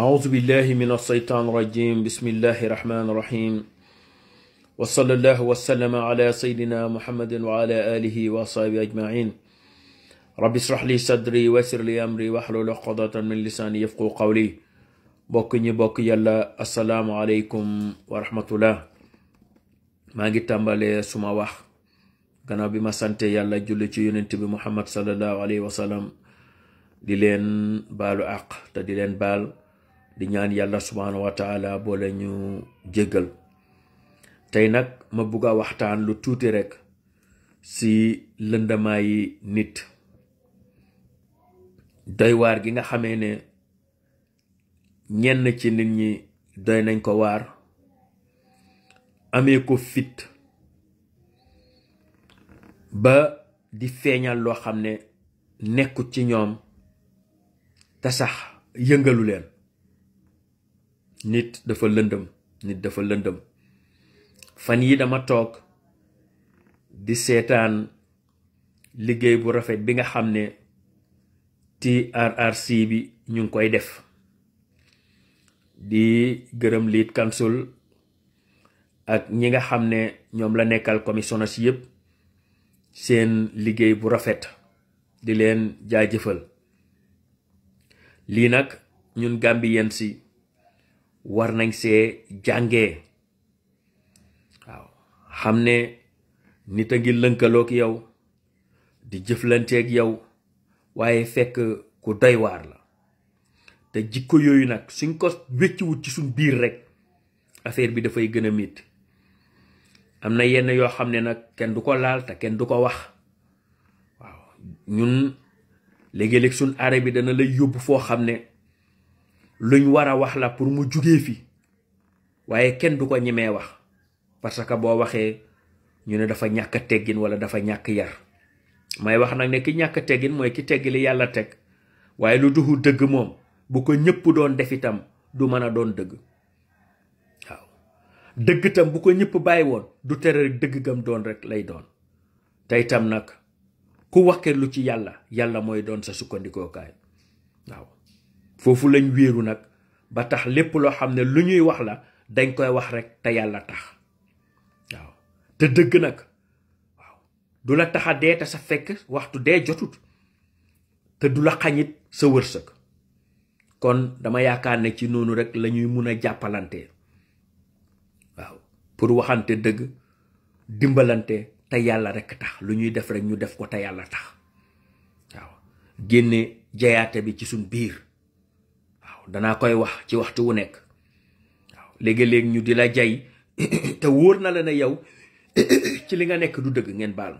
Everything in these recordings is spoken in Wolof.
أعوذ بالله من الشيطان الرجيم بسم الله الرحمن الرحيم وصلى الله وسلم على سيدنا محمد وعلى آله وصحبه أجمعين رب اشرح لي صدري ويسر لي أمري واحلل عقدة من لساني يفقه قولي بوكني بوك يلا السلام عليكم ورحمة الله maa ngi tàmbalee suma wax gannaaw bi ma sante yàlla julli ci yonent bi muhammad sallallahu alayhi wa sallam di leen baalu àq te di leen di ñaan yàlla subhaanahu wa boole ñu jéggal tey nag ma bugg a waxtaan lu tuuti rekk si yi nit doy waar gi nga xamee ne ñenn ci nit ñi doy nañ ko waar amee ko fit ba di feeñal loo xam ne nekkut ci ñoom te sax yëngalu leen nit dafa lëndëm nit dafa lëndëm fan yi dama toog di seetaan liggéey bu rafet bi nga xam ne TRRC bi ñu ngi koy def di gërëm lead council ak ñi nga xam ne ñoom la nekkal commissionnaires si yépp seen liggéey bu rafet di leen jaajëfal lii nag ñun Gambien si war nañ see jànge waaw xam ne nit a ngi lënkaloog yow di jëflanteeg yow waaye fekk ku doy waar la te jikko yooyu nag suñ ko wécciwut ci suñ biir rek affaire bi dafay gën a mit am na yenn yoo xam ne nag kenn du ko laal te kenn du ko wax waaw ñun léegi-léeg suñ aare dana lay yóbbu foo xam ne luñ war a wax la pour mu jugee fi waaye kenn du ko ñemee wax parce que boo waxee ñu ne dafa ñàkk teggin wala dafa ñàkk yar may wax nag ne ki ñàkk teggin mooy ki tegg li yàlla teg waaye lu duxu dëgg moom bu ko ñëpp doon def itam du mën a doon dëgg waaw dëgg tam bu ko ñëpp bàyyi woon du tere rek dëgg gam doon rek lay doon tey tam nag ku wakkeerlu ci yàlla yàlla mooy doon sa sukkandikookaay foofu lañ wéeru nag ba tax lépp loo xam ne lu ñuy wax la dañ koy wax rek te yàlla tax waaw te dëgg nag waaw du la taxa a dee te sa fekk waxtu dee jotut te du la xañit sa wërsëg kon dama yaakaar ne ci noonu rek lañuy mun a jàppalante waaw pour waxante dëgg dimbalante te yàlla rekk tax lu ñuy def rek ñu def ko te yàlla tax waaw génne jayaate bi ci suñ biir waaw danaa koy wax ci waxtu wu nek waaw léegi-léeg ñu dila jay te woor na la ne yow ci li nga nek du deug ngeen bal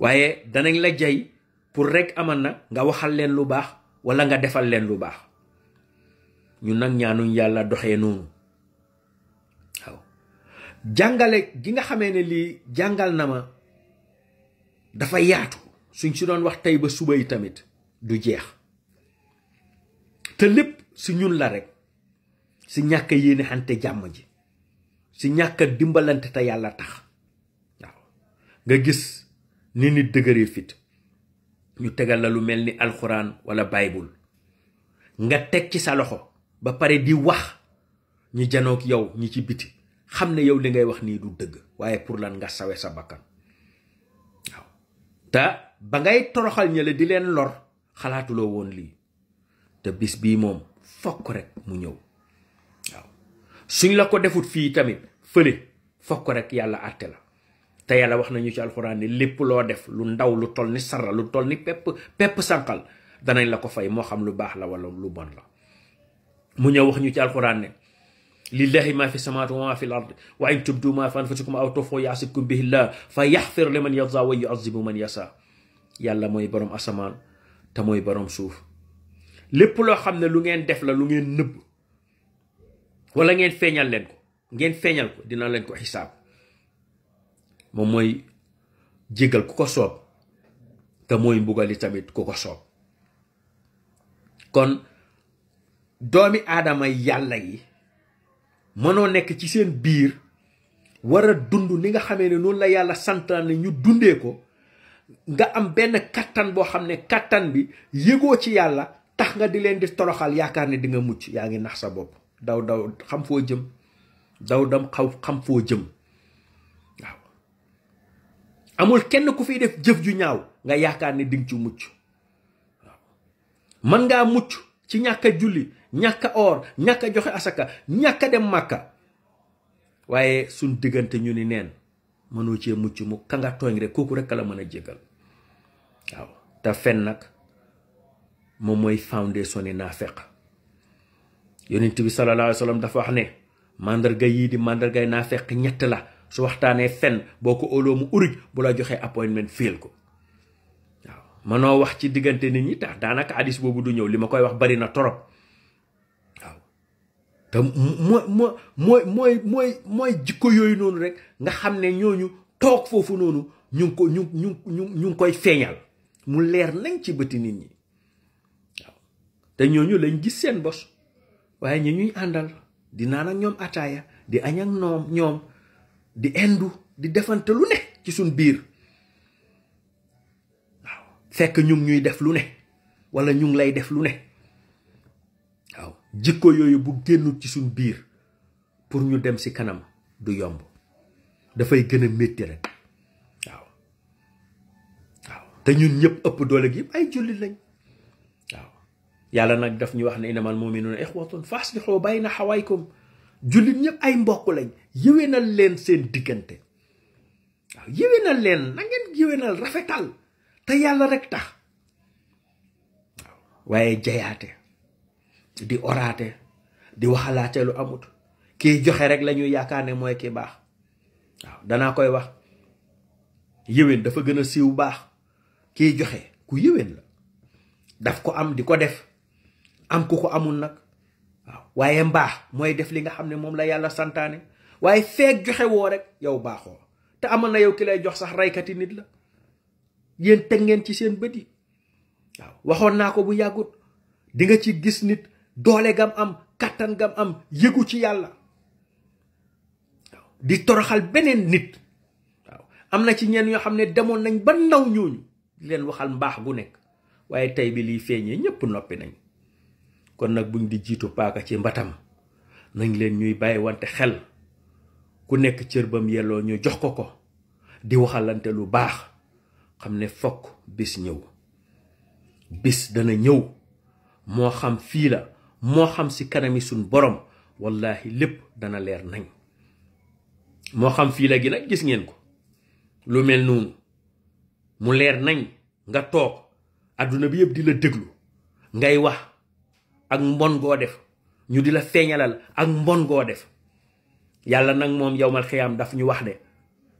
waaye danañ la jay pour rek amana nga waxal len lu bax wala nga defal len lu bax ñun nak ñaanu yalla doxé noonu waaw jàngale gi nga xamé ne li jangal na dafa yaatu suñ ci doon wax tay ba suba tamit du jeex te lepp si ñun la rek si ñak yene xante jamm ji si ñak dimbalante ta yalla tax waaw nga gis ni nit degeere fit ñu tegal la lu melni alquran wala bible nga tek ci sa loxo ba pare di wax ñi janoog yow ñi ci biti xamne yow li ngay wax ni du deug waye pour lan nga sawé sa bakkan waaw ba ngay toroxal di len lor lo won li te bis bi mom fokk rek mu ñëw waaw suñ la ko defut fi tamit fële fokk rek yàlla arté la te yàlla wax nañu ci alcorane ni lépp lo def lu ndaw lu toll ni sarra lu toll ni pep sankal sànqal danañ la ko fay mo xam lu bax la wala lu bon la mu ñëw wax ñu ci alcorane ni لله ما في السماوات وما في الارض وان تبدوا ما في انفسكم او تخفوا anfusikum به الله yasibkum لمن يرضى ويعذب من يشاء يلا موي بروم اسمان تا موي بروم سوف lépp loo xam ne lu ngeen def la lu ngeen nëbb wala ngeen feeñal leen ko ngeen feeñal ko dina leen ko xisaab moom mooy jéggal ku ko soob te mooy mbugali tamit ku ko soob kon doomi aadama yàlla yi mënoo nekk ci seen biir war dund ni nga xamee ne noonu la yàlla santaan ne ñu dundee ko nga am benn kattan boo xam ne kàttan bi yëgoo ci yàlla tax nga di leen di toroxal yaakaar ne di nga mucc yaa ngi nax sa bopp daw daw xam foo jëm daw dam xaw xam jëm waaw amul kenn ku fiy def jëf ju ñaaw nga yaakaar ni dinga ci mucc waaw mën ngaa mucc ci ñàkk a julli ñàkk oor ñàkk joxe asaka ñàkk dem màkka waaye suñ diggante ñu ni neen mënoo cee mucc mu ka rek kooku rek la mën a jégal waaw te fen nag mom moy foundation ni nafiq yonent bi sallallahu alayhi wasallam dafa wax ne mandarga yi di mandargay nafiq ñett la su waxtane fen boko ko óoloo mu uruj bu la joxe appointment fil ko mano wax ci digante nit ñi tax danaka hadith bobu du ñew lima koy wax bari na torop ta mo mo mo mo mo jikko yoy nonu rek nga xamne ñoñu tok fofu nonu ñu ko ñu ñu ñu koy feñal mu leer nañ ci beuti nit ñi te ñooñu lañ gis seen bos waaye ñi ñuy àndal di naan ak ñoom ataaya di añ ak noom ñoom di indu di defante lu ne ci suñ biir waaw fekk ñu ngi ñuy def lu ne wala ñu ngi lay def lu ne waaw jikko yooyu bu génnut ci suñ biir pour ñu dem si kanam du yomb dafay gën a métti rek waaw waaw te ñun ñëpp ëpp doole gi ay jullit lañ yàlla nag daf ñu wax ne innamal mu'minuuna ixwatun na bayna xawaykum jullit ñëpp ay mbokk lañ yéwénal leen seen diggante waaw yéwénal leen na ngeen yéwénal rafetal te yàlla rek tax waaye jayaate di oraate di waxalaate lu amut kii joxe rek lañuy yaakaar ne mooy ki baax waaw danaa koy wax yéwén dafa gën a siiw baax kii joxe ku yéwén la daf ko am di ko def am ku ko amul nag waaw waaye mbaax mooy def li nga xam ne moom la yàlla santaane waaye feeg joxewoo rek yow baaxoo te amoon na yow ki lay jox sax raykati nit la yéen teg ngeen ci seen bët yi waaw waxoon naa ko bu yàggut di nga ci gis nit doole gam am kàttan gam am yëgu ci yàlla di toroxal beneen nit waaw am na ci ñeen yoo xam ne demoon nañ ba ndaw ñooñu leen waxal mbaax gu nekk waaye tey bi liy feeñee ñëpp noppi nañ kon nag buñ di jiitu paaka ci mbatam nañ leen ñuy bàyyi wante xel ku nekk cër bam yelloo ñu jox ko ko di waxalante lu baax xam ne fokk bis ñëw bis dana ñëw moo xam fii la moo xam si kanami suñ borom wallahi lépp dana leer nañ moo xam fii la gi nag gis ngeen ko lu mel noonu mu leer nañ nga toog àdduna bi yépp di la déglu ngay wax ak mbon go def ñu dila feñalal ak mbon go def yalla nak mom yawmal khiyam daf ñu wax de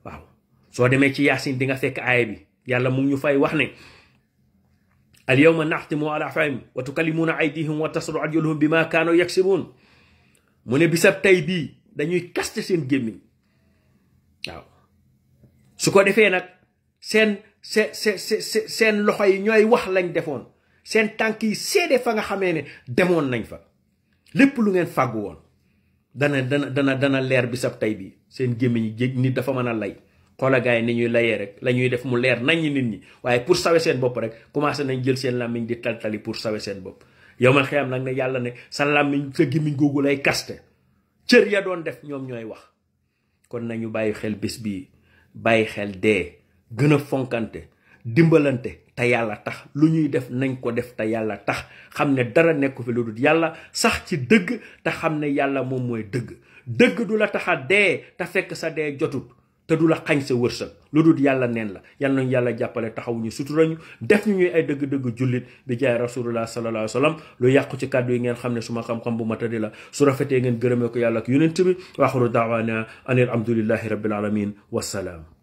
waaw so demee ci yasin di nga fekk bi yalla mu ñu fay wax ne al yawma nahtimu ala afahim wa tukallimuna aydihim wa tasru ajluhum bima kanu yaksibun mu ne bisab tay bi dañuy kaste seen gemmi waaw su ko sen sen sen sen sen sen loxoy ñoy wax lañ defoon seen tànk yi seede fa nga xamee ne demoon nañ fa lépp lu ngeen fàggu woon dana dana dana dana leer bi sab tey bii seen gémmiñ yi nit dafa mën a lay xoola gars yi ni ñuy layee rek la ñuy def mu leer nañ nit ñi waaye pour sawe seen bopp rek commencé nañ jël seen làmmiñ di taltali pour sawe seen bopp yow man xeyam nag ne yàlla ne sa làmmiñ sa gémmiñ googu lay kaste cër ya doon def ñoom ñooy wax kon nañu bàyyi xel bis bii bàyyi xel dee gën a fonkante dimbalante te yàlla tax lu ñuy def nañ ko def te yàlla tax xam ne dara nekku fi lu dul yàlla sax ci dëgg te xam ne yàlla moom mooy dëgg dëgg du la tax a dee te fekk sa dee jotut te du la xañ sa wërsëg lu dul yàlla neen la yal nañu yàlla jàppale taxawuñu suturañu def ñu ñuy ay dëgg-dëgg jullit bi jaay rasulullah sallallahu alayhi wa sallam lu yàqu ci kàddu yi ngeen xam ne suma xam-xam bu matadi la su rafetee ngeen gërëmee ko yàlla ak yonent bi waaxiru daawaana anil hamdulillahi rabbil alamin wasalaam